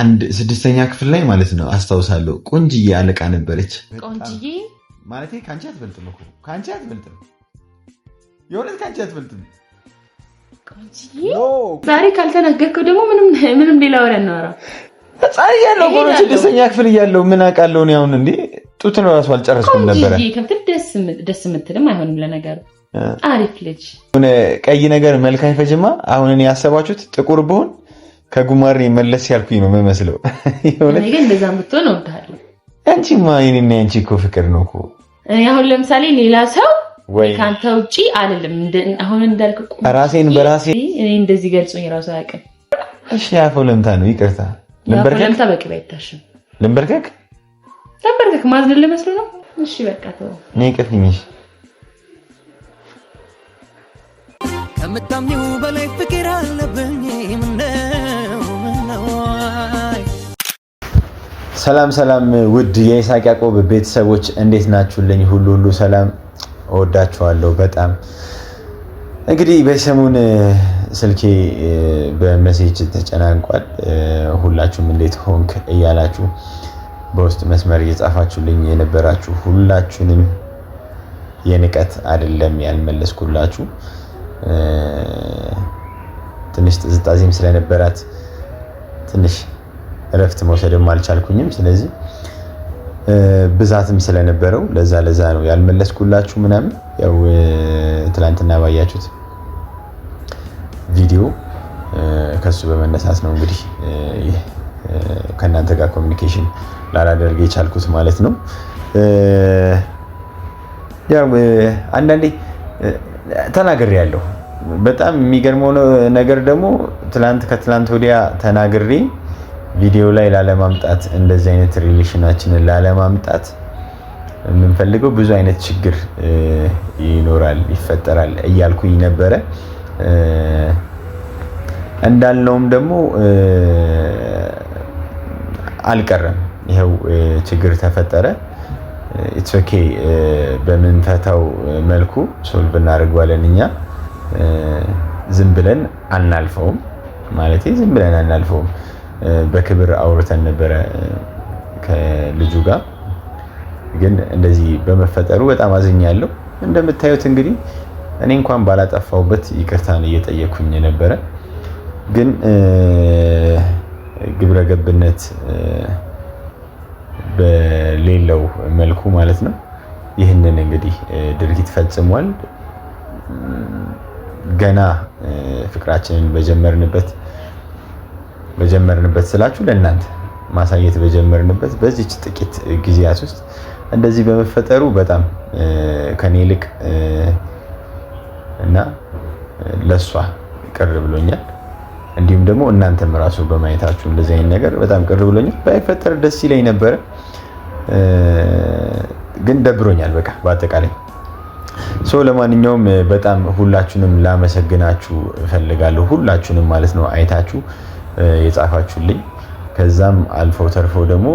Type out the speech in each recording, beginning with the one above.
አንድ ስድስተኛ ክፍል ላይ ማለት ነው አስታውሳለሁ። ቆንጅዬ አለቃ ነበረች። ቆንጅዬ ማለቴ ከአንቺ አትበልጥም እኮ ከአንቺ አትበልጥም፣ የእውነት ከአንቺ አትበልጥም። ዛሬ ካልተናገርከው ደግሞ ምንም ሌላ ወሬ እናወራ። ሕፃን እያለሁ ስድስተኛ ክፍል እያለሁ ምን አውቃለሁ እኔ አሁን ጡት ነው እራሱ አልጨረስኩም ነበረ። ደስ የምትልም አይሆንም ለነገሩ አሪፍ ልጅ። ቀይ ነገር መልክ አይፈጅማ። አሁን እኔ ያሰባችሁት ጥቁር ብሆን ከጉማሬ መለስ ያልኩኝ ነው የምመስለው። አንቺማ የኔና የአንቺ እኮ ፍቅር ነው እኮ። እኔ አሁን ለምሳሌ ሌላ ሰው ከአንተ ውጭ አልልም። አሁን እንዳልክ ራሴን በራሴ እኔ እንደዚህ ገልጾኝ ራሱ አያውቅም። እሺ አፎ ለምታ ነው ይቅርታ። ለምታ በቅቤ አይታሽም። ልንበርከክ ልንበርከክ ማዝን ልመስሉ ነው። እሺ በቃ ተው። እኔ ቅፍኝሽ ከምታምኚው በላይ ፍቅር አለብኝ ሰላም ሰላም ውድ የኢሳቅ ያዕቆብ ቤተሰቦች እንዴት ናችሁልኝ? ሁሉ ሁሉ ሰላም እወዳችኋለሁ በጣም። እንግዲህ በሰሞን ስልኬ በመሴጅ ተጨናንቋል። ሁላችሁም እንዴት ሆንክ እያላችሁ በውስጥ መስመር እየጻፋችሁልኝ የነበራችሁ ሁላችሁንም የንቀት አይደለም ያልመለስኩላችሁ ትንሽ ጥዝጣዜም ስለነበራት ትንሽ እረፍት መውሰድም አልቻልኩኝም። ስለዚህ ብዛትም ስለነበረው ለዛ ለዛ ነው ያልመለስኩላችሁ ምናምን። ያው ትላንትና ባያችሁት ቪዲዮ ከሱ በመነሳት ነው እንግዲህ ከእናንተ ጋር ኮሚኒኬሽን ላላደርግ የቻልኩት ማለት ነው። ያው አንዳንዴ ተናግሬ ያለሁ በጣም የሚገርመው ነገር ደግሞ ትላንት ከትላንት ወዲያ ተናግሬ ቪዲዮ ላይ ላለማምጣት እንደዚህ አይነት ሪሌሽናችንን ላለማምጣት የምንፈልገው ብዙ አይነት ችግር ይኖራል፣ ይፈጠራል እያልኩኝ ነበረ። እንዳልነውም ደግሞ አልቀረም። ይኸው ችግር ተፈጠረ። ኢትስ ኦኬ፣ በምንፈታው መልኩ ሶልቭ እናደርገዋለን። እኛ ዝም ብለን አናልፈውም፣ ማለት ዝም ብለን አናልፈውም። በክብር አውርተን ነበረ ከልጁ ጋር። ግን እንደዚህ በመፈጠሩ በጣም አዝኛለሁ። እንደምታዩት እንግዲህ እኔ እንኳን ባላጠፋውበት ይቅርታን እየጠየኩኝ ነበረ። ግን ግብረ ገብነት በሌለው መልኩ ማለት ነው ይህንን እንግዲህ ድርጊት ፈጽሟል። ገና ፍቅራችንን በጀመርንበት በጀመርንበት ስላችሁ ለእናንተ ማሳየት በጀመርንበት በዚች ጥቂት ጊዜያት ውስጥ እንደዚህ በመፈጠሩ በጣም ከኔ ይልቅ እና ለሷ ቅር ብሎኛል። እንዲሁም ደግሞ እናንተም ራሱ በማየታችሁ እንደዚህ አይነት ነገር በጣም ቅር ብሎኛል። ባይፈጠር ደስ ይለኝ ነበረ፣ ግን ደብሮኛል። በቃ በአጠቃላይ ሶ ለማንኛውም በጣም ሁላችሁንም ላመሰግናችሁ እፈልጋለሁ። ሁላችሁንም ማለት ነው አይታችሁ የጻፋችሁልኝ። ከዛም አልፎ ተርፎ ደግሞ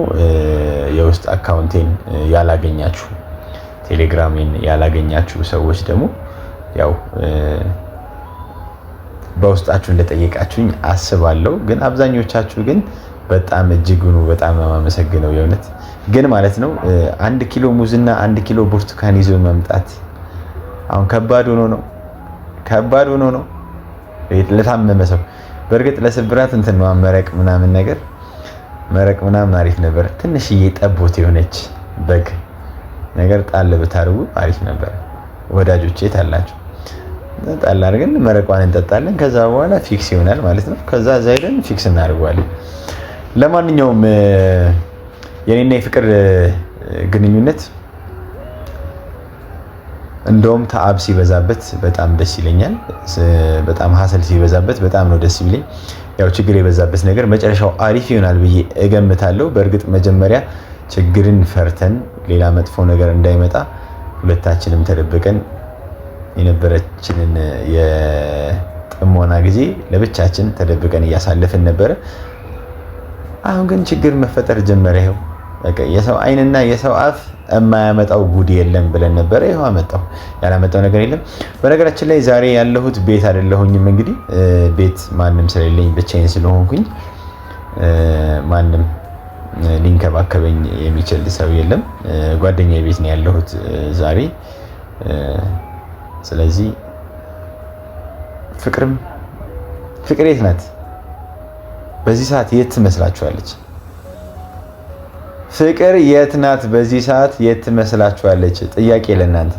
የውስጥ አካውንቴን ያላገኛችሁ ቴሌግራሜን ያላገኛችሁ ሰዎች ደግሞ ያው በውስጣችሁ እንደጠየቃችሁኝ አስባለሁ። ግን አብዛኞቻችሁ ግን በጣም እጅጉኑ በጣም የማመሰግነው የእውነት ግን ማለት ነው አንድ ኪሎ ሙዝና አንድ ኪሎ ብርቱካን ይዞ መምጣት አሁን ከባድ ሆኖ ነው ከባድ ሆኖ ነው ለታመመ ሰው በእርግጥ ለስብራት እንትን ነው መረቅ ምናምን ነገር መረቅ ምናምን አሪፍ ነበር። ትንሽዬ ጠቦት የሆነች በግ ነገር ጣል ብታርጉ አሪፍ ነበር። የት ታላቸው ጣል አድርገን መረቋን እንጠጣለን። ከዛ በኋላ ፊክስ ይሆናል ማለት ነው። ከዛ ዘይደን ፊክስ እናደርገዋለን። ለማንኛውም የኔና የፍቅር ግንኙነት እንደውም ተአብ ሲበዛበት በጣም ደስ ይለኛል። በጣም ሀሰል ሲበዛበት በጣም ነው ደስ ይለኝ። ያው ችግር የበዛበት ነገር መጨረሻው አሪፍ ይሆናል ብዬ እገምታለሁ። በእርግጥ መጀመሪያ ችግርን ፈርተን ሌላ መጥፎ ነገር እንዳይመጣ ሁለታችንም ተደብቀን የነበረችንን የጥሞና ጊዜ ለብቻችን ተደብቀን እያሳለፍን ነበረ። አሁን ግን ችግር መፈጠር ጀመረ። ይኸው የሰው አይንና የሰው አፍ የማያመጣው ጉድ የለም ብለን ነበረ። ይኸው አመጣው። ያላመጣው ነገር የለም። በነገራችን ላይ ዛሬ ያለሁት ቤት አይደለሁኝም። እንግዲህ ቤት ማንም ስለሌለኝ ብቻዬን ስለሆንኩኝ ማንም ሊንከባከበኝ የሚችል ሰው የለም። ጓደኛ ቤት ነው ያለሁት ዛሬ። ስለዚህ ፍቅርም ፍቅር የት ናት? በዚህ ሰዓት የት ትመስላችኋለች? ፍቅር የት ናት? በዚህ ሰዓት የት ትመስላችኋለች? ጥያቄ ለእናንተ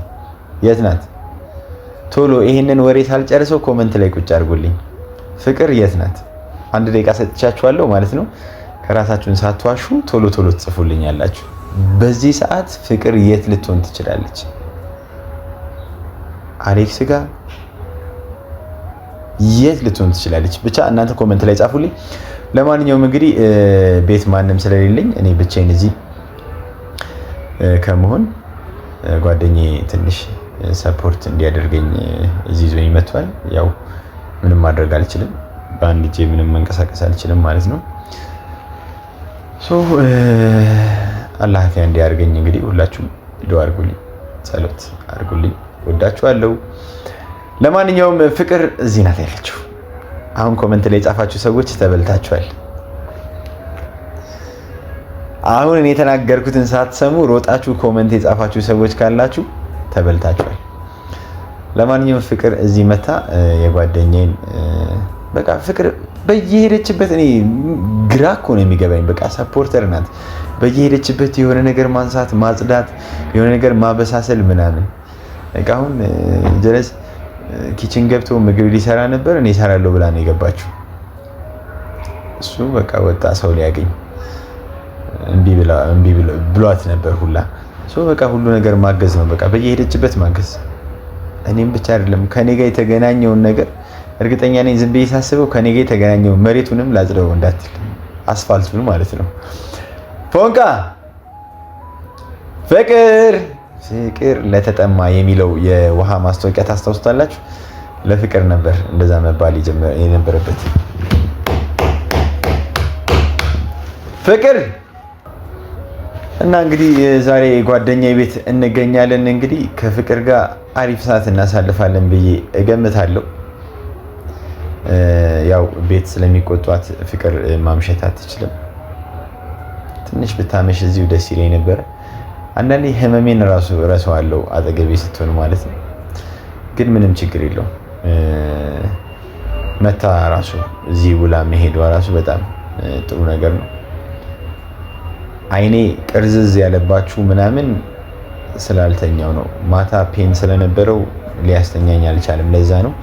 የት ናት? ቶሎ ይህንን ወሬ ሳልጨርሰው ኮመንት ላይ ቁጭ አድርጉልኝ። ፍቅር የት ናት? አንድ ደቂቃ ሰጥቻችኋለሁ ማለት ነው። ከራሳችሁን ሳትዋሹ ቶሎ ቶሎ ትጽፉልኝ ያላችሁ በዚህ ሰዓት ፍቅር የት ልትሆን ትችላለች? አሌክስ ጋር የት ልትሆን ትችላለች? ብቻ እናንተ ኮመንት ላይ ጻፉልኝ። ለማንኛውም እንግዲህ ቤት ማንም ስለሌለኝ እኔ ብቻዬን እዚህ ከመሆን ጓደኛዬ ትንሽ ሰፖርት እንዲያደርገኝ እዚህ ይዞኝ መጥቷል። ያው ምንም ማድረግ አልችልም፣ በአንድ እጄ ምንም መንቀሳቀስ አልችልም ማለት ነው። ሶ አላህ ፊያ እንዲያደርገኝ እንግዲህ ሁላችሁም ዱአ አድርጉልኝ፣ ጸሎት አድርጉልኝ። ወዳችኋለሁ። ለማንኛውም ፍቅር እዚህ ናት ያለችው። አሁን ኮመንት ላይ የጻፋችሁ ሰዎች ተበልታችኋል። አሁን እኔ የተናገርኩትን ሳትሰሙ ሮጣችሁ ኮመንት የጻፋችሁ ሰዎች ካላችሁ ተበልታችኋል። ለማንኛውም ፍቅር እዚህ መታ የጓደኛዬን በቃ ፍቅር በየሄደችበት እኔ ግራ እኮ ነው የሚገባኝ። በቃ ሰፖርተር ናት። በየሄደችበት የሆነ ነገር ማንሳት፣ ማጽዳት፣ የሆነ ነገር ማበሳሰል ምናምን በቃ አሁን ጀለስ ኪችን ገብቶ ምግብ ሊሰራ ነበር እኔ እሰራለሁ ብላ ነው የገባችው። እሱ በቃ ወጣ ሰው ሊያገኝ እምቢ ብሏት ነበር ሁላ በቃ ሁሉ ነገር ማገዝ ነው በቃ በየሄደችበት ማገዝ። እኔም ብቻ አይደለም ከኔ ጋር የተገናኘውን ነገር እርግጠኛ ነኝ ዝም ብዬ ሳስበው ከኔ ጋር የተገናኘውን መሬቱንም ላጽደው እንዳትል አስፋልቱን ማለት ነው ፎንቃ ፍቅር ፍቅር ለተጠማ የሚለው የውሃ ማስታወቂያ ታስታውስታላችሁ? ለፍቅር ነበር እንደዛ መባል የነበረበት። ፍቅር እና እንግዲህ ዛሬ ጓደኛ ቤት እንገኛለን። እንግዲህ ከፍቅር ጋር አሪፍ ሰዓት እናሳልፋለን ብዬ እገምታለሁ። ያው ቤት ስለሚቆጧት ፍቅር ማምሸት አትችልም። ትንሽ ብታመሽ እዚሁ ደስ ይለኝ ነበረ። አንዳንዴ ህመሜን ራሱ አለው አጠገቤ ስትሆን ማለት ነው። ግን ምንም ችግር የለውም። መታ ራሱ እዚህ ውላ መሄዷ ራሱ በጣም ጥሩ ነገር ነው። አይኔ ቅርዝዝ ያለባችሁ ምናምን ስላልተኛው ነው። ማታ ፔን ስለነበረው ሊያስተኛኝ አልቻለም። ለዛ ነው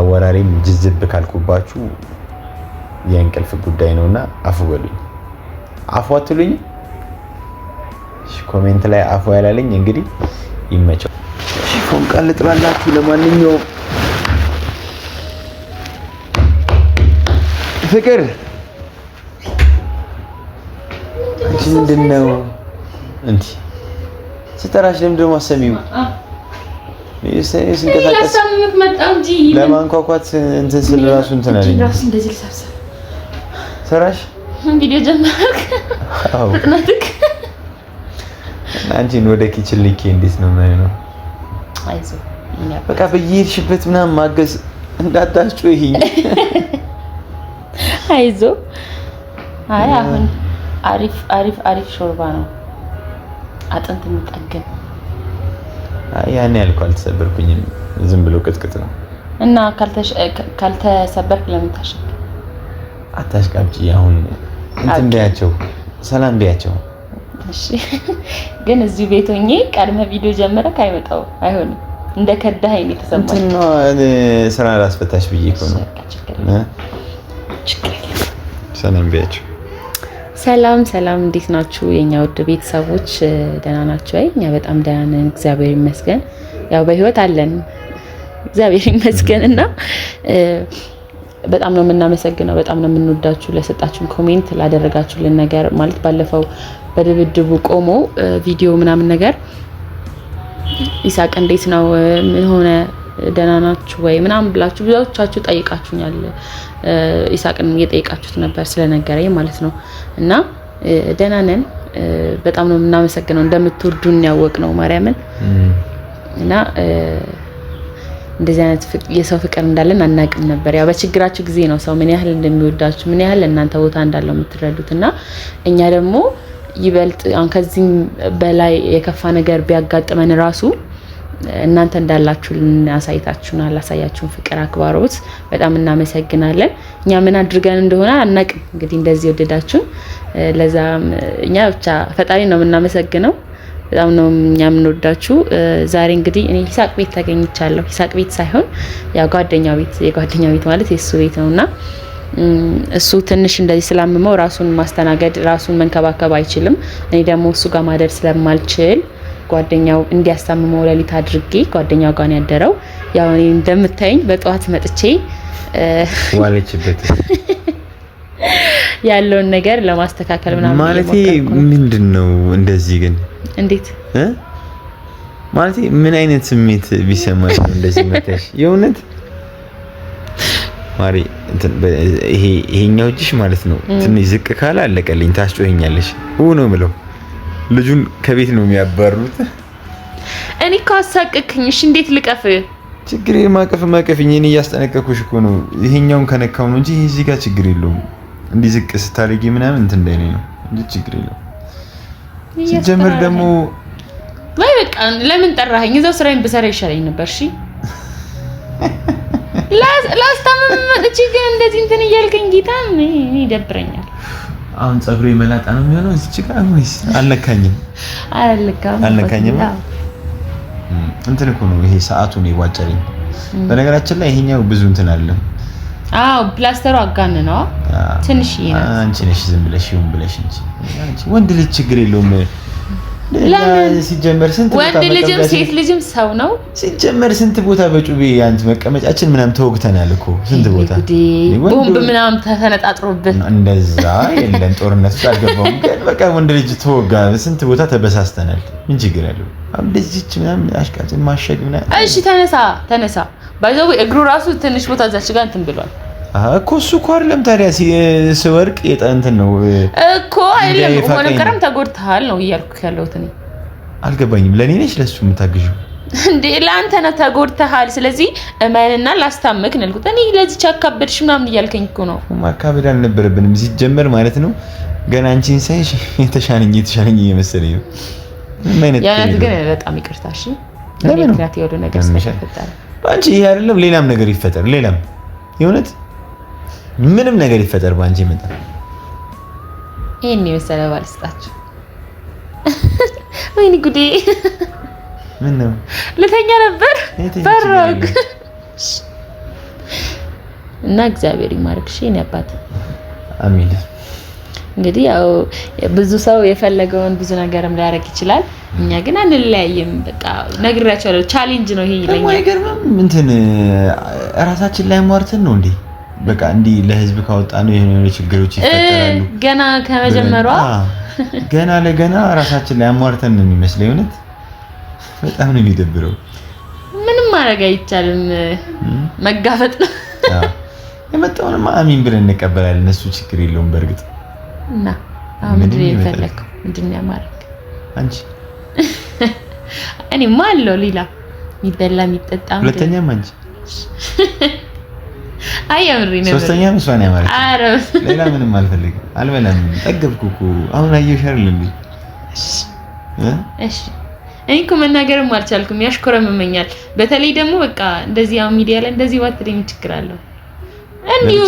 አወራሪም ጅዝብ ካልኩባችሁ የእንቅልፍ ጉዳይ ነውእና አፉ በሉኝ። አፉ ኮሜንት ላይ አፎ ያላለኝ እንግዲህ ይመቸው። ሺፎን ቃል ልጥላላችሁ። ለማንኛውም ፍቅር ምንድን ነው እንዴ? ስጠራሽ ለምንድን ነው የማሰሚው? ስንቀሳቀስ ለማንኳኳት እንትን ስል እራሱ እንትን አለኝ። ሰራሽ ቪዲዮ ጀመርክ ፍጥነትክ አንቺን ወደ ኪችን ልኬ እንዴት ነው ማለት ነው? አይዞህ በቃ በየሄድሽበት ምናምን ማገዝ እንዳታስጩ ይሄ አይዞ። አይ አሁን አሪፍ አሪፍ አሪፍ ሾርባ ነው አጥንት የሚጠግን። ያኔ ያልኩህ አልተሰበርኩኝም፣ ዝም ብሎ ቅጥቅጥ ነው። እና ካልተሰበርክ ለምን ታሸክ አታሽቃብጪ። አሁን እንትን በያቸው፣ ሰላም በያቸው እሺ ግን እዚህ ቤት ሆኜ ቪዲዮ ጀምረህ አይመጣው አይሆንም። እንደ ከዳህ አይኔ ተሰማኝ። እንትን እኔ ስራ ላስፈታሽ ብዬ እኮ ነው። ሰላም ቤት ሰላም ሰላም፣ እንዴት ናችሁ የኛ ውድ ቤተሰቦች? ደህና ናችሁ ወይ? እኛ በጣም ደህና ነን፣ እግዚአብሔር ይመስገን። ያው በህይወት አለን እግዚአብሔር ይመስገን እና በጣም ነው የምናመሰግነው፣ በጣም ነው የምንወዳችሁ። ለሰጣችሁን ኮሜንት፣ ላደረጋችሁልን ነገር ማለት ባለፈው በድብድቡ ቆሞ ቪዲዮ ምናምን ነገር ይሳቅ እንዴት ነው የሆነ ደህና ናችሁ ወይ ምናምን ብላችሁ ብዙዎቻችሁ ጠይቃችሁኛል። ይሳቅን እየጠይቃችሁት ነበር ስለነገረኝ ማለት ነው። እና ደህና ነን፣ በጣም ነው የምናመሰግነው እንደምትወዱን ያወቅ ነው ማርያምን እና እንደዚህ አይነት የሰው ፍቅር እንዳለን አናቅም ነበር። ያው በችግራችሁ ጊዜ ነው ሰው ምን ያህል እንደሚወዳችሁ ምን ያህል እናንተ ቦታ እንዳለው የምትረዱት እና እኛ ደግሞ ይበልጥ ከዚህም በላይ የከፋ ነገር ቢያጋጥመን ራሱ እናንተ እንዳላችሁ ልናሳይታችሁናል። አሳያችሁን ፍቅር፣ አክባሮት በጣም እናመሰግናለን። እኛ ምን አድርገን እንደሆነ አናቅም። እንግዲህ እንደዚህ ወደዳችሁን ለዛም እኛ ብቻ ፈጣሪ ነው የምናመሰግነው። በጣም ነው እኛ የምንወዳችሁ። ዛሬ እንግዲህ እኔ ሂሳቅ ቤት ተገኝቻለሁ። ሂሳቅ ቤት ሳይሆን ያ ጓደኛው ቤት የጓደኛው ቤት ማለት የሱ ቤት ነውና እሱ ትንሽ እንደዚህ ስላመመው ራሱን ማስተናገድ ራሱን መንከባከብ አይችልም። እኔ ደግሞ እሱ ጋር ማደር ስለማልችል ጓደኛው እንዲያስታምመው ሌሊት አድርጌ ጓደኛው ጋር ያደረው። ያው እኔ እንደምታይኝ በጠዋት መጥቼ ዋለችበት ያለውን ነገር ለማስተካከል ምናምን ማለት ምንድን ነው እንደዚህ ግን እንዴት ማለት ምን አይነት ስሜት ቢሰማሽ እንደዚህ መጥተሽ የእውነት ማሪ ይሄ ይሄኛው እጅሽ ማለት ነው ትንሽ ዝቅ ካለ አለቀልኝ፣ ታስጮኸኛለሽ ነው የምለው። ልጁን ከቤት ነው የሚያባሩት። እኔ እኮ አሳቅክኝ። እሺ እንዴት ልቀፍ? ችግር ማቀፍ ማቀፍኝ። እኔ እያስጠነቀኩሽ እኮ ነው። ይሄኛውን ከነካው ነው እንጂ ይሄ እዚህ ጋር ችግር የለውም። እንዲህ ዝቅ ስታደርጊ ምናምን እንትን እንዳይለኝ ነው እንጂ ችግር የለውም። ሲጀምር ደግሞ ወይ በቃ ለምን ጠራኸኝ? እዛው ስራዬን ብሰራ ይሻለኝ ነበር። እሺ ላስታምም መጥቼ ግን እንደዚህ እንትን እያልከኝ ጌታም ይደብረኛል። አሁን ጸጉሬ መላጣ ነው የሚሆነው እዚህ ጋር ወይስ አልነካኝም? አልነካኝም። እንትን እኮ ነው ይሄ ሰዓቱ ነው የቧጨረኝ። በነገራችን ላይ ይሄኛው ብዙ እንትን አለ አዎ ፕላስተሩ አጋን ነው ትንሽ ይሄ አንቺ ነሽ ዝም ብለሽ ይሁን ብለሽ እንጂ ወንድ ልጅ ችግር የለውም። ሲጀመር ስንት ወንድ ልጅም ሴት ልጅም ሰው ነው። ሲጀመር ስንት ቦታ በጩቤ አንድ መቀመጫችን ምናምን ተወግተናል እኮ ስንት ቦታ ቦምብ ምናምን ተነጣጥሮብን፣ እንደዛ የለም ጦርነት አልገባሁም፣ ግን በቃ ወንድ ልጅ ተወጋ፣ ስንት ቦታ ተበሳስተናል። ምን ችግር አለው? ልጅ ምናምን አሽቃጭ ማሸግ ምናምን። እሺ ተነሳ ተነሳ፣ ባይዘው እግሩ ራሱ ትንሽ ቦታ እዛች ጋር እንትን ብሏል። እኮ እሱ እኮ አይደለም ታዲያ ስወርቅ የጠንትን ነው እኮ አይደለም። ሆነ ቀረም ተጎድተሃል ነው እያልኩ ያለሁት እኔ አልገባኝም። ለእኔ ነች ለሱ የምታግዥው እንዴ? ለአንተ ነው ተጎድተሃል። ስለዚህ እመንና ላስታምቅ ነው ያልኩት እኔ። ለዚች አካበድሽ ምናምን እያልከኝ እኮ ነው። ማካበድ አልነበረብንም ሲጀመር ማለት ነው። ገና አንቺን ሳይሽ የተሻለኝ የተሻለኝ እየመሰለኝ ነው። የእውነት ግን በጣም ይቅርታ። እሺ ለምን ያለው ነገር ስለተፈጠረ በአንቺ ይሄ አይደለም ሌላም ነገር ይፈጠር ሌላም የእውነት ምንም ነገር ይፈጠር ባንጂ መጣ ይሄን የመሰለ ባል ስጣችሁ። ወይኔ ጉዴ! ምን ነው ልተኛ ነበር በረግ እና እግዚአብሔር ይማርክ። ይማርክሽ የእኔ አባት አሚን። እንግዲህ ያው ብዙ ሰው የፈለገውን ብዙ ነገርም ሊያደርግ ይችላል። እኛ ግን አንለያይም። በቃ ነግሬያቸዋለሁ። ቻሌንጅ ነው ይሄ ይለኛል። አይገርምም? እንትን እራሳችን ላይ ሟርትን ነው እንዴ በቃ እንዲህ ለህዝብ ካወጣ ነው የሆነ ችግሮች ይፈጠራሉ። ገና ከመጀመሯ ገና ለገና ራሳችን ላይ አሟርተን ነው የሚመስለው። የእውነት በጣም ነው የሚደብረው። ምንም ማድረግ አይቻልም፣ መጋፈጥ ነው የመጣውንማ። አሚን ብለን እንቀበላለን። እነሱ ችግር የለውም በእርግጥ እና ምንድን ነው የፈለከው? ምንድን ነው ያማረክ አንቺ? እኔማ አለው ሌላ የሚበላ የሚጠጣ ሁለተኛም አንቺ አይ አያምሪ ነው። ሶስተኛ ምስዋን ያማረች። አረ ሌላ ምንም አልፈልግም፣ አልበላም። ጠገብኩ እኮ አሁን አየሽ አይደል እሺ እኔ እኮ መናገርም አልቻልኩም፣ ያሽኮረምመኛል። በተለይ ደግሞ በቃ እንደዚህ ያው ሚዲያ ላይ እንደዚህ ባትለኝ ችግር አለው። እንዲሁ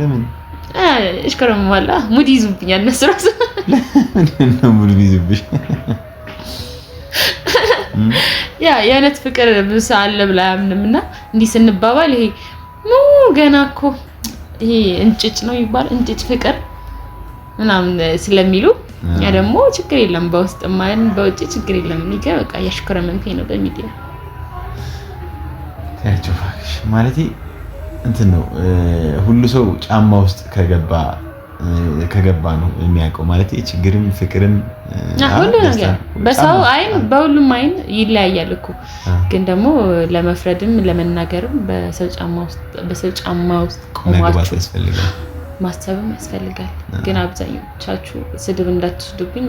ለምን እሽኮረምማላ? ሙድ ይዙብኛል። እነሱ እራሱ ለምን ነው ሙድ ይዙብሽ? ያ የእውነት ፍቅር ብሳ አለ ብላ አያምንም እና እንዲህ ስንባባል ይሄ ኑ ገና እኮ ይሄ እንጭጭ ነው የሚባል እንጭጭ ፍቅር ምናምን ስለሚሉ ያ ደግሞ ችግር የለም በውስጥ ማን በውጭ ችግር የለም። እኔ ጋር በቃ ያሽኮረመንከኝ ነው በሚዲያ ያቸው ማለት እንትን ነው ሁሉ ሰው ጫማ ውስጥ ከገባ ከገባ ነው የሚያውቀው። ማለት ችግርም ፍቅርም ሁሉ ነገር በሰው አይን በሁሉም አይን ይለያያል እኮ። ግን ደግሞ ለመፍረድም ለመናገርም በሰው ጫማ ውስጥ ቆማችሁ ማሰብም ያስፈልጋል። ግን አብዛኞቻችሁ ስድብ እንዳትስዱብኝ።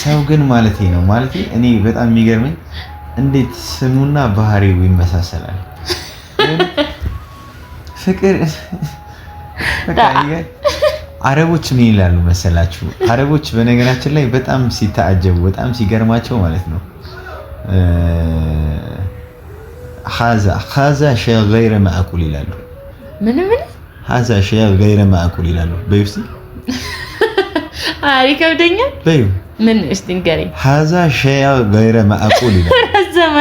ሰው ግን ማለት ነው ማለት እኔ በጣም የሚገርመኝ እንዴት ስሙና ባህሪው ይመሳሰላል። ፍቅር አረቦች ምን ይላሉ መሰላችሁ? አረቦች በነገራችን ላይ በጣም ሲታጀቡ በጣም ሲገርማቸው ማለት ነው ሀዛ ሸይ ገይረ ማእኩል ይላሉ። ምን ምን ሀዛ ሸይ ገይረ ማእኩል ይላሉ። በይ እስኪ አይ ከብደኛል። በይ ምን እስቲ ንገረኝ። ሀዛ ሸይ ገይረ ማእኩል ይላሉ። ረዘመ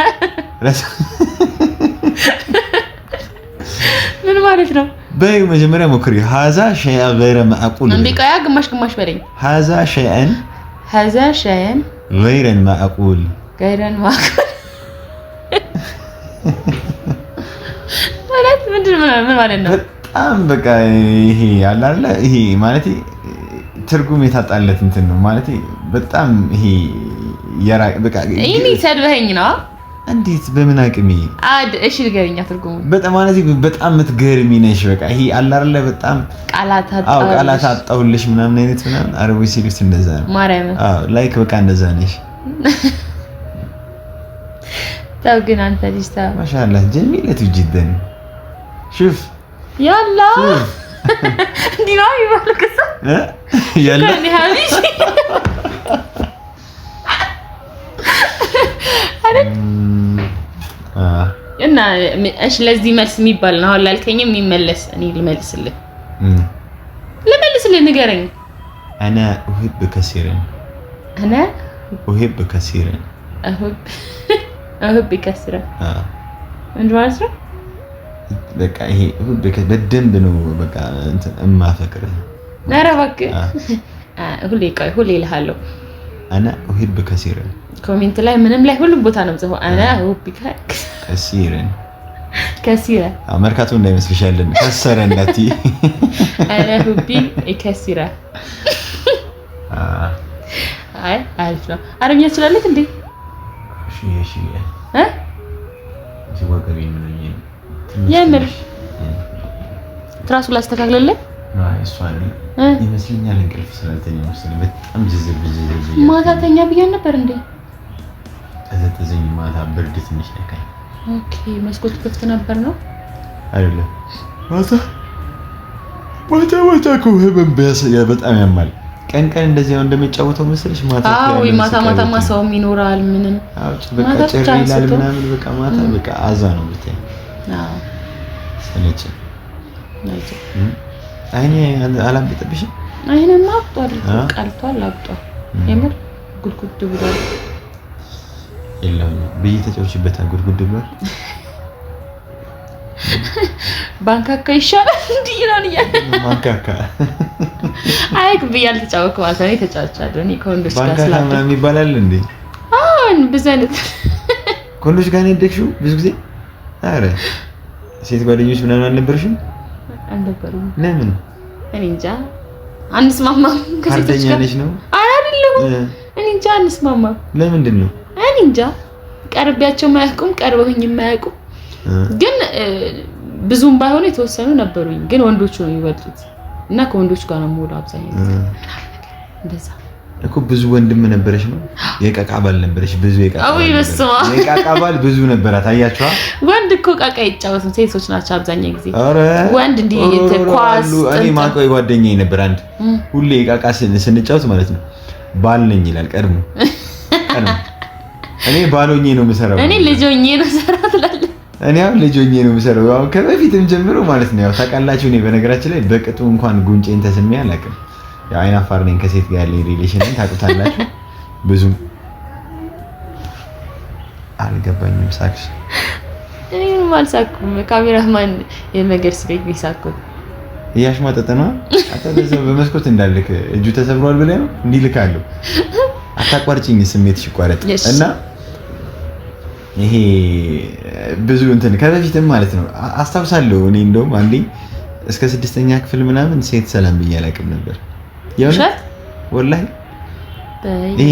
ምን ማለት ነው? በይ መጀመሪያ ሞክሪ። ሀዛ ሸያ ገይረ ማዕቁል እንዴ ቀያ ግማሽ ግማሽ በለኝ። ሀዛ ሸያን ሀዛ ሸያን ገይረን ማዕቁል ገይረን ማዕቁል ማለት ምንድን ምን ማለት ነው? በጣም በቃ ይሄ አለ አይደለ? ይሄ ማለት ትርጉም የታጣለት እንትን ነው ማለት በጣም ይሄ የራቅ በቃ ይሄን ሰድበኸኝ ነው እንዴት በምን አቅሚ አድ እሺ ንገሪኝ ትርጉሙ። በጣም ማለት በጣም የምትገርሚ ነሽ። በቃ ይሄ አላርለ በጣም ቃላት አጣው። ቃላት አጣውልሽ ምናምን አይነት ምናምን አረቦች ሲሉት እንደዛ ነው። ማርያም አዎ ላይክ በቃ እንደዛ ነሽ። ታው ግን አንተ ልጅ ተው። ማሻአላህ ጀሚለቱ ጅደን ሽፍ ያላ እንዲና ይባል ከሰ ያላ ከኔ ሀቢሽ አይደል? እና እሺ፣ ለዚህ መልስ የሚባል ነው አሁን ላልከኝ የሚመለስ እኔ ልመልስልህ ልመልስልህ፣ ንገረኝ። አነ ኡሂብ ከሲረን አነ ኡሂብ ከሲረን ኡሂብ ከሲረን እንደ ማለት ነው። በቃ ይሄ ኡሂብ በደንብ ነው በቃ እንትን እማፈቅርህ። ኧረ እባክህ ሁሌ ቆይ ሁሌ እልሃለሁ አነ ኡሂብከ ሲረን ኮሜንት ላይ ምንም ላይ ሁሉም ቦታ ነው ጽፎ አነ ኡሂብከ ከሲረን ከሲረ መርካቶ እንዳይመስልሻለን ከሰረ እንዳት አነ ሁቢ ከሲረ አይ አሪፍ ነው። አረብኛ ትችላለህ እንዴ? እሺ እሺ እ የምር ትራሱ ላስተካክለልህ ይመስለኛል እንቅልፍ ስለተኛ መሰለኝ። በጣም ዝዝብ ዝዝብ ብያን ነበር እንዴ? ቀዘቀዘኝ። ማታ ብርድ ትንሽ ነካኝ። ኦኬ፣ መስኮት ክፍት ነበር ነው አይደለ? ማታ ማታ ማታ እኮ ህመም በጣም ያማል። ቀን ቀን እንደዚህ ነው እንደሚጫወተው መሰለሽ። ማታ ማታ ማታማ ሰውም ይኖራል ምንም በቃ ጭር ይላል ምናምን በቃ ማታ በቃ አዛ ነው ብታይ ሰለቸኝ። አይኔ አላምጥጥብሽም? አይኔማ አብጧል፣ ቀልቷል፣ አብጧል። የምር ጉድጉድ ብሏል። የለም ብዬ ተጫውችበታል። ጉድጉድ ብሏል። ባንካካ ይሻላል እንዲህ ይላል እያለ ባንካካ አይክ ብዬ አልተጫወኩም። ማለት ነው ተጫውቻለሁ እኔ ከወንዶች ጋር ባንካካ ምናምን ይባላል እንዴ? አሁን ብዙ አይነት ከወንዶች ጋር ነው ያደግሽው ብዙ ጊዜ? አረ ሴት ጓደኞች ምናምን አልነበረሽም? አልነበረም። ለምን? እኔ እንጃ አንስማማም። ከሴቶች ጋር ነው? ኧረ አይደለሁም። እኔ እንጃ አንስማማም። ለምንድን ነው? እኔ እንጃ ቀርቢያቸው የማያውቁም ቀርበውኝ የማያውቁም ግን ብዙም ባይሆኑ የተወሰኑ ነበሩኝ። ግን ወንዶቹ ነው የሚበልጡት እና ከወንዶች ጋር ነው የምውለው አብዛኛው እንደዛ እኮ ብዙ ወንድም ነበረሽ ነው። የቃቃ ባል ነበረሽ። ብዙ የቃቃ ባል ብዙ ነበራት። አያችኋ፣ ወንድ እኮ ቃቃ ይጫወትም ሴቶች ናቸው አብዛኛው ጊዜ። ወንድ እንዲህ ኳስ እኔ ማውቀው የጓደኛዬ ነበር አንድ ሁሌ የቀቃ ስንጫወት ማለት ነው ባል ነኝ ይላል። ቀድሞ እኔ ባሎኜ ነው የምሰራው፣ እኔ ልጆኜ ነው የምሰራው ትላለህ። እኔ አሁን ልጆኜ ነው የምሰራው ከበፊትም ጀምሮ ማለት ነው። ያው ታውቃላችሁ፣ እኔ በነገራችን ላይ በቅጡ እንኳን ጉንጬን ተስሜ አላውቅም። የአይን አፋር ነኝ። ከሴት ጋር ያለኝ ሪሌሽን ታውቁታላችሁ። ብዙም አልገባኝም። ሳቅሽ እኔም አልሳኩም። ካሜራማን የመገድ ስቤት ይሳኩት እያሽሟጠጠ ነው። በመስኮት እንዳልክ እጁ ተሰብሯል ብለህ ነው እንዲልካለሁ። አታቋርጭኝ፣ ስሜትሽ ይቋረጥ እና ይሄ ብዙ እንትን ከበፊትም ማለት ነው አስታውሳለሁ። እኔ እንደውም አንዴ እስከ ስድስተኛ ክፍል ምናምን ሴት ሰላም ብዬ አላውቅም ነበር። ወላሂ ይሄ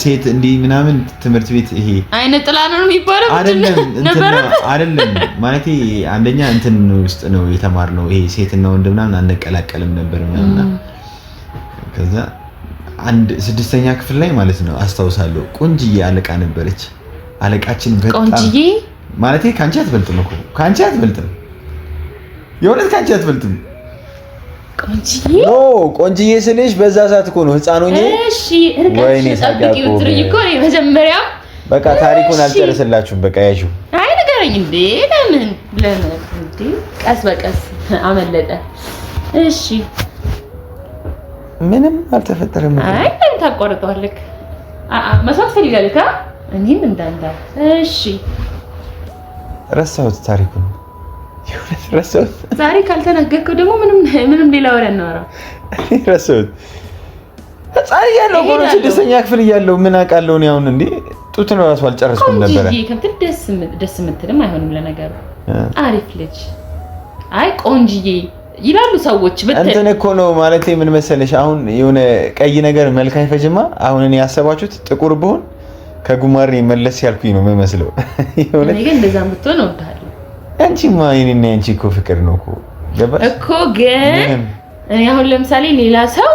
ሴት እንዲህ ምናምን ትምህርት ቤት ይሄ አይነ ጥላ ነው የሚባለው አይደለም። ማለት አንደኛ እንትን ውስጥ ነው የተማርነው። ይሄ ሴትና ወንድ ምናምን አንቀላቀልም ነበር ምናምን። ከዛ አንድ ስድስተኛ ክፍል ላይ ማለት ነው አስታውሳለሁ፣ ቆንጅዬ አለቃ ነበረች። አለቃችን በጣም ቆንጅዬ ማለት ከአንቺ አትበልጥም እኮ ከአንቺ አትበልጥም፣ የእውነት ከአንቺ አትበልጥም ቆንጅዬ ስልሽ በዛ ሰዓት እኮ ነው ህፃኑ ሆኜ። እሺ ወይኔ መጀመሪያ በቃ ታሪኩን አልጨርስላችሁም። በቃ ያዩ አይ ንገረኝ እንዴ! ለምን ለምን እንዴ! ቀስ በቀስ አመለጠ። እሺ ምንም አልተፈጠረም። አይ ለምን ታቋርጠዋለህ? አአ መስዋዕት ፈልጋለህ? እኔም እንዳንተ። እሺ ረሳሁት ታሪኩን ረሳሁት። ዛሬ ካልተናገርከው ደግሞ ምንም ሌላ ወሬ አናወራም። ረሳሁት። ህፃን እያለሁ ሆኖ ስድስተኛ ክፍል እያለሁ ምን አውቃለሁ እኔ አሁን እንደ ጡት ነው እራሱ አልጨረስኩም ነበረ። ደስ የምትልም አይሆንም ለነገሩ አሪፍ ልጅ። አይ ቆንጅዬ ይላሉ ሰዎች ብትል እንትን እኮ ነው ማለት ምን መሰለሽ፣ አሁን የሆነ ቀይ ነገር መልክ አይፈጅማ። አሁን እኔ ያሰባችሁት ጥቁር ብሆን ከጉማሬ መለስ ያልኩኝ ነው የምመስለው። ግን እንደዛ ብትሆን እወድሃለሁ አንቺማ የእኔና የአንቺ እኮ ፍቅር ነው እኮ ገባሽ እኮ። ግን እኔ አሁን ለምሳሌ ሌላ ሰው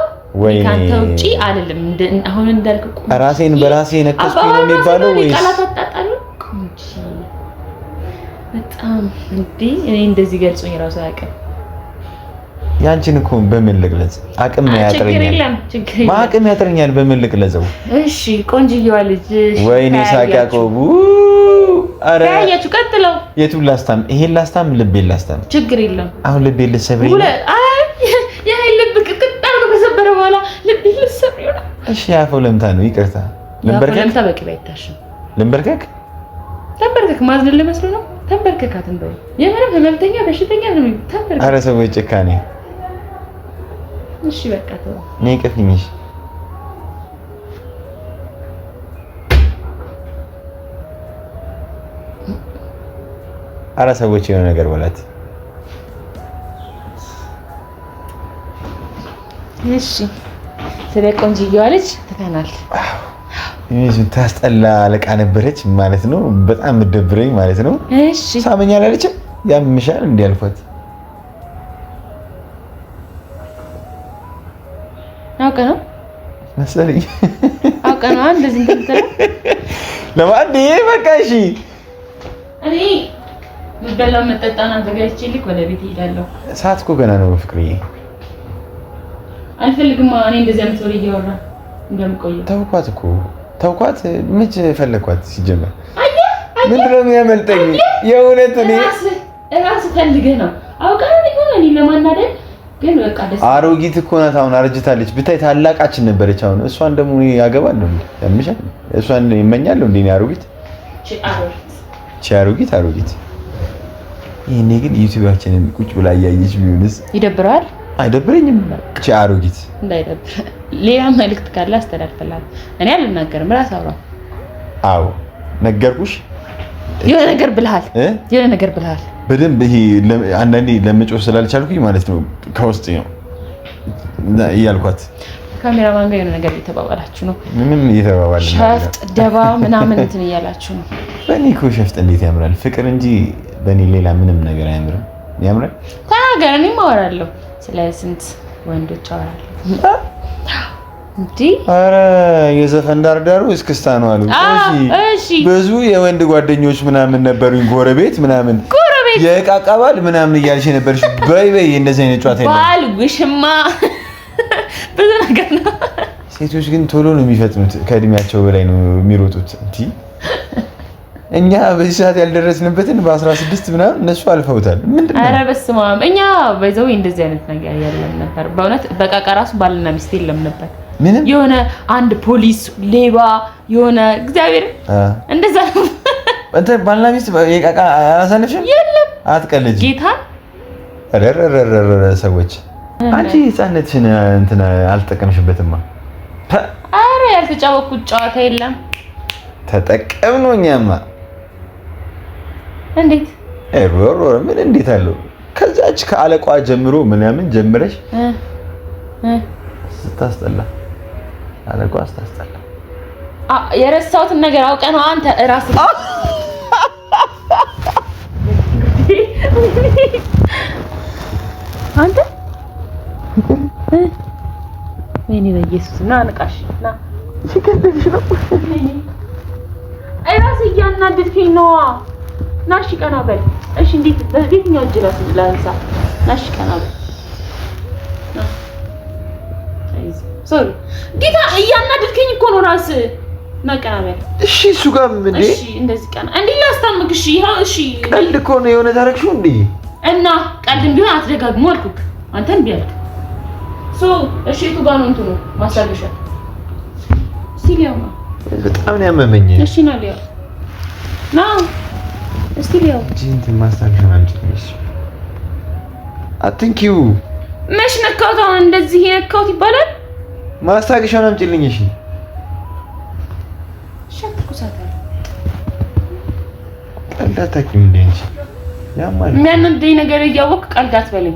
ከአንተ ውጪ አይደለም። አሁን እንዳልክ ራሴን በራሴ ነቀስኩ ነው የሚባለው ወይስ ቃላት አጣጣሉ? በጣም እንዴ! እኔ እንደዚህ ገልጾኝ ራሱ አያውቅም። ያንቺን እኮ በምን ልግለጽ? አቅም ያጥረኛል፣ ማቅም ያጥረኛል። በምን ልግለጸው? እሺ ቆንጅየዋ ልጅ ወይኔ ሳቅ ያቆቡ አረ ያያችሁ ቀጥለው። የቱን ላስታም? ይሄን ላስታም? ልቤን ላስታም? ችግር የለም አሁን ልቤን ልትሰብሪው ነው። አይ ልብ ቅጥቅጥ ነው ከሰበረ በኋላ ልቤን ልትሰብሪው ነው። እሺ ያፈው ለምታ ነው። ይቅርታ ልንበርከክ። ለምታ በቅቤ አይታሽም። ልንበርከክ ተንበርከክ ማዝን መስሎ ነው። ተንበርከክ አትንበይ። የምንም ህመምተኛ በሽተኛ ነው። ተንበርከክ። አረ ሰዎች ጭካኔ። እሺ በቃ ተው። እኔ ቅፍኝሽ አረ ሰዎች የሆነ ነገር በላት። እሺ ስለ ቆንጅዬዋ ልጅ ትተናል። ታስጠላ አለቃ ነበረች ማለት ነው። በጣም የምትደብረኝ ማለት ነው። እሺ ሳመኛ ላለችም ያምሻል እንዲያልኳት አውቀ ነው መሰለኝ። አውቀ ነው እንደዚህ በቃ እሺ ሚበላ መጠጣን ወደ ቤት እሄዳለሁ። ሰዓት እኮ ገና ነው ፍቅርዬ። አልፈልግም እኔ እንደዚህ አይነት ወሬ እያወራ እንደምቆየው። ተውኳት እኮ ተውኳት። መቼ ፈለኳት? ሲጀመር ምንድነው የሚያመልጠኝ? የእውነት እኔ ፈልገህ ነው ነው እኔ ለማናደድ አሮጊት እኮ ናት። አሁን አርጅታለች ብታይ ታላቃችን ነበረች። አሁን እሷን ደግሞ ያገባለሁ ያምሻል? እሷን ይመኛለሁ እንዴ? አሮጊት ቺ አሮጊት አሮጊት ይሄኔ ግን ዩቲዩባችንን ቁጭ ብላ እያየች ቢሆንስ? ይደብረዋል። አይደብረኝም። እቺ አሮጊት እንዳይደብር ሌላ መልእክት ካለ አስተላልፈላት። እኔ አልናገርም። ራስ አውራ። አዎ ነገርኩሽ። የሆነ ነገር ብልሃል፣ የሆነ ነገር ብልሃል። በደንብ ይሄ አንዳንዴ ለመጮህ ስላልቻልኩኝ ማለት ነው ከውስጥ ነው እያልኳት ከካሜራማን ጋር የሆነ ነገር እየተባባላችሁ ነው። ምንም እየተባባል ሸፍጥ ደባ ምናምን እንትን እያላችሁ ነው። በእኔ እኮ ሸፍጥ እንዴት ያምራል! ፍቅር እንጂ በእኔ ሌላ ምንም ነገር አያምርም። ያምራል። ተናገር። እኔም አወራለሁ፣ ስለ ስንት ወንዶች አወራለሁ። እንዲህ የዘፈን ዳርዳሩ እስክስታ ነው አሉ። እሺ ብዙ የወንድ ጓደኞች ምናምን ነበሩኝ፣ ጎረቤት ምናምን የእቃ ምናምን እያልሽ ነበርሽ። በይ በይ፣ እንደዚህ አይነት ጨዋታ ባል ውሽማ ብዙ ነገር ነው። ሴቶች ግን ቶሎ ነው የሚፈጥኑት፣ ከእድሜያቸው በላይ ነው የሚሮጡት። እንዲ እኛ በዚህ ሰዓት ያልደረስንበትን በ16 ምናምን እነሱ አልፈውታል። ምንድነው? ኧረ በስመ አብ እኛ በዘው እንደዚህ አይነት ነገር ያለን ነበር። በእውነት በቃቃ ራሱ ባልና ሚስት የለም ነበር። ምንም የሆነ አንድ ፖሊስ፣ ሌባ የሆነ እግዚአብሔር እንደዛ ነው። አንተ ባልና ሚስት የቃቃ አላሳለፍሽም? የለም አትቀልጂ ጌታ ሰዎች አንቺ ህፃነትሽን እንትን አልተጠቀምሽበትማ። አረ ያልተጫወኩት ጨዋታ የለም ተጠቀም ነው። እኛማ እንዴት ሮሮ ምን እንዴት አለው። ከዛች ከአለቋ ጀምሮ ምናምን ጀምረሽ ስታስጠላ፣ አለቋ ስታስጠላ የረሳሁትን ነገር አውቀ ነው አንተ ራስ አንተ ወይኔ በኢየሱስ ና ንቃሽ ና ሲከተልሽ ነው አይ ራስ እያናደድከኝ ነዋ። ናሽ ቀና በል እሺ። እንዴት በየትኛው እጅ ራስ ላንሳ? ናሽ ቀና በል ሶሪ ጌታ፣ እያናደድከኝ እኮ ነው። ራስ ናቀና እሺ። እሱ ጋር ምን እንዴ? እሺ፣ እንደዚህ ቀና እንዴ ላስታምክ። እሺ፣ ይሄ እሺ፣ ቀልድ እኮ ነው የሆነ ታረክሽው እንዴ። እና ቀልድም ቢሆን አትደጋግሞ አልኩክ አንተን ቢያልክ እሺ፣ የቱ ጋር ነው እንትኑ ማሳገሻ? እስኪ ሊያው በጣም ነው ያመመኝ። እሺ፣ ና ሊያው ና፣ እስኪ ሊያው እንትን ማሳገሻ አትንኪው። መች ነካሁት? አሁን እንደዚህ የነካሁት ይባላል? ማሳገሻውን አምጪልኝ። እሺ ቀልድ አታውቂም። እንደ አንቺ የሚያናድደኝ ነገር እያወቅህ ቀልድ አትበለኝ።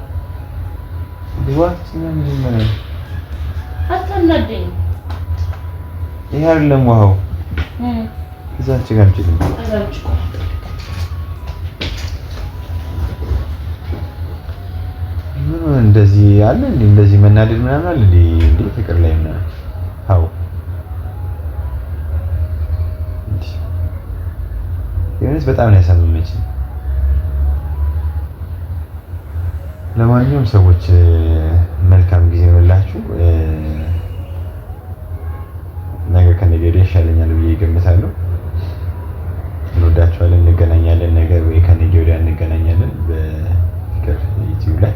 ይሄ እንደዚህ አለ እንዴ? እንደዚህ መናደድ ምናምን አለ እንዴ? እንዴ ፍቅር ላይ ምናምን አዎ፣ ይሄንስ በጣም ነው ያሳመመችኝ። ለማንኛውም ሰዎች መልካም ጊዜ ይሁንላችሁ። ነገ ከነገ ወዲያ ይሻለኛል ብዬ እገምታለሁ። እንወዳችኋለን። እንገናኛለን። ነገ ወይ ከነገ ወዲያ እንገናኛለን በፍቅር ዩቲዩብ ላይ።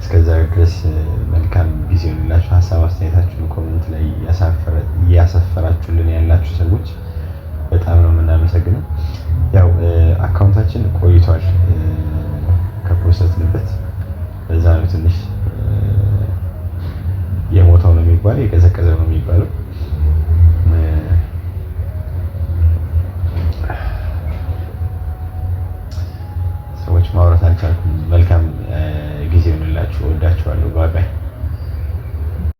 እስከዛ ድረስ መልካም ጊዜ ይሁንላችሁ። ሀሳብ አስተያየታችሁን ኮሜንት ላይ እያሰፈራችሁልን ያላችሁ ሰዎች በጣም ነው የምናመሰግነው። ያው አካውንታችን ቆይቷል ተሞክሮ ወሰድንበት። በዛ ነው ትንሽ የሞተው ነው የሚባለው የቀዘቀዘው ነው የሚባለው ሰዎች ማውራት አልቻልኩም። መልካም ጊዜ ይሁንላችሁ። ወዳችኋለሁ። ባይ ባይ